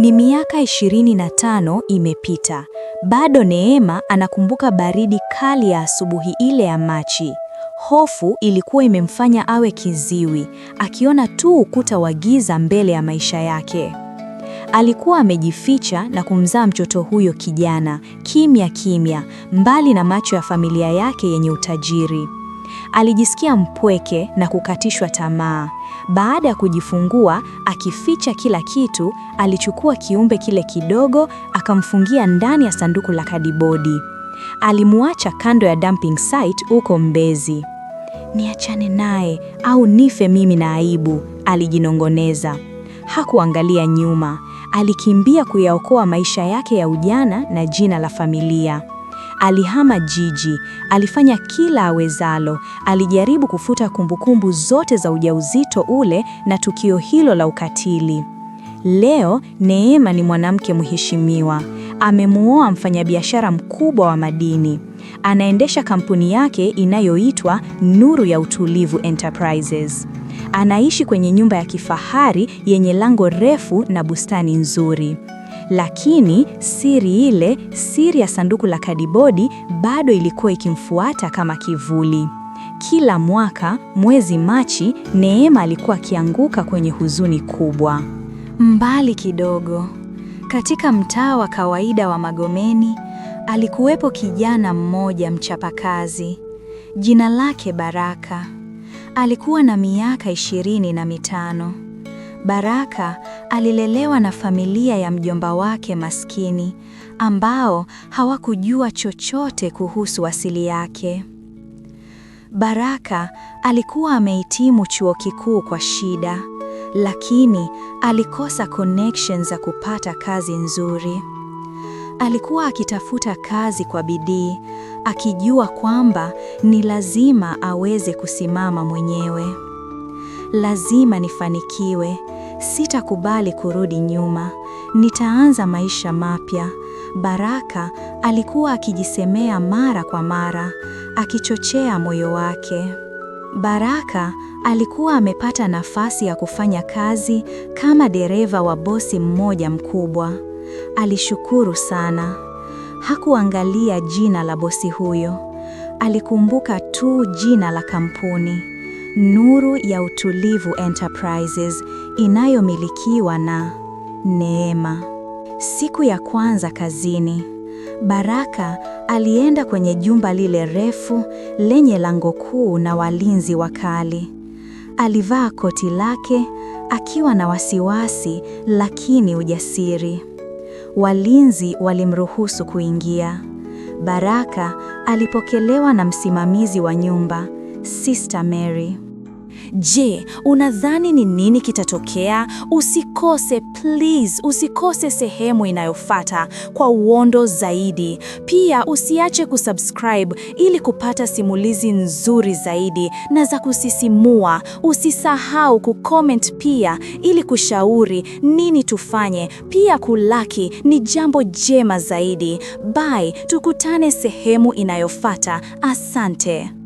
Ni miaka ishirini na tano imepita. Bado Neema anakumbuka baridi kali ya asubuhi ile ya Machi. Hofu ilikuwa imemfanya awe kiziwi, akiona tu ukuta wa giza mbele ya maisha yake. Alikuwa amejificha na kumzaa mtoto huyo kijana kimya kimya, mbali na macho ya familia yake yenye utajiri. Alijisikia mpweke na kukatishwa tamaa. Baada ya kujifungua, akificha kila kitu, alichukua kiumbe kile kidogo akamfungia ndani ya sanduku la kadibodi. Alimwacha kando ya dumping site huko Mbezi. Niachane naye au nife mimi na aibu, alijinongoneza. Hakuangalia nyuma, alikimbia kuyaokoa maisha yake ya ujana na jina la familia. Alihama jiji, alifanya kila awezalo, alijaribu kufuta kumbukumbu zote za ujauzito ule na tukio hilo la ukatili. Leo Neema ni mwanamke mheshimiwa, amemuoa mfanyabiashara mkubwa wa madini, anaendesha kampuni yake inayoitwa Nuru ya Utulivu Enterprises. Anaishi kwenye nyumba ya kifahari yenye lango refu na bustani nzuri lakini siri ile, siri ya sanduku la kadibodi bado ilikuwa ikimfuata kama kivuli. Kila mwaka mwezi Machi, Neema alikuwa akianguka kwenye huzuni kubwa. Mbali kidogo, katika mtaa wa kawaida wa Magomeni, alikuwepo kijana mmoja mchapakazi. Jina lake Baraka. Alikuwa na miaka ishirini na mitano. Baraka alilelewa na familia ya mjomba wake maskini ambao hawakujua chochote kuhusu asili yake. Baraka alikuwa amehitimu chuo kikuu kwa shida, lakini alikosa connections za kupata kazi nzuri. Alikuwa akitafuta kazi kwa bidii, akijua kwamba ni lazima aweze kusimama mwenyewe. Lazima nifanikiwe, Sitakubali kurudi nyuma, nitaanza maisha mapya. Baraka alikuwa akijisemea mara kwa mara, akichochea moyo wake. Baraka alikuwa amepata nafasi ya kufanya kazi kama dereva wa bosi mmoja mkubwa. Alishukuru sana. Hakuangalia jina la bosi huyo. Alikumbuka tu jina la kampuni, Nuru ya Utulivu Enterprises inayomilikiwa na Neema. Siku ya kwanza kazini, Baraka alienda kwenye jumba lile refu lenye lango kuu na walinzi wakali. Alivaa koti lake akiwa na wasiwasi lakini ujasiri. Walinzi walimruhusu kuingia. Baraka alipokelewa na msimamizi wa nyumba, Sister Mary. Je, unadhani ni nini kitatokea? Usikose please, usikose sehemu inayofuata kwa uondo zaidi. Pia usiache kusubscribe ili kupata simulizi nzuri zaidi na za kusisimua. Usisahau kucomment pia ili kushauri nini tufanye. Pia kulaki ni jambo jema zaidi. Bye, tukutane sehemu inayofuata. Asante.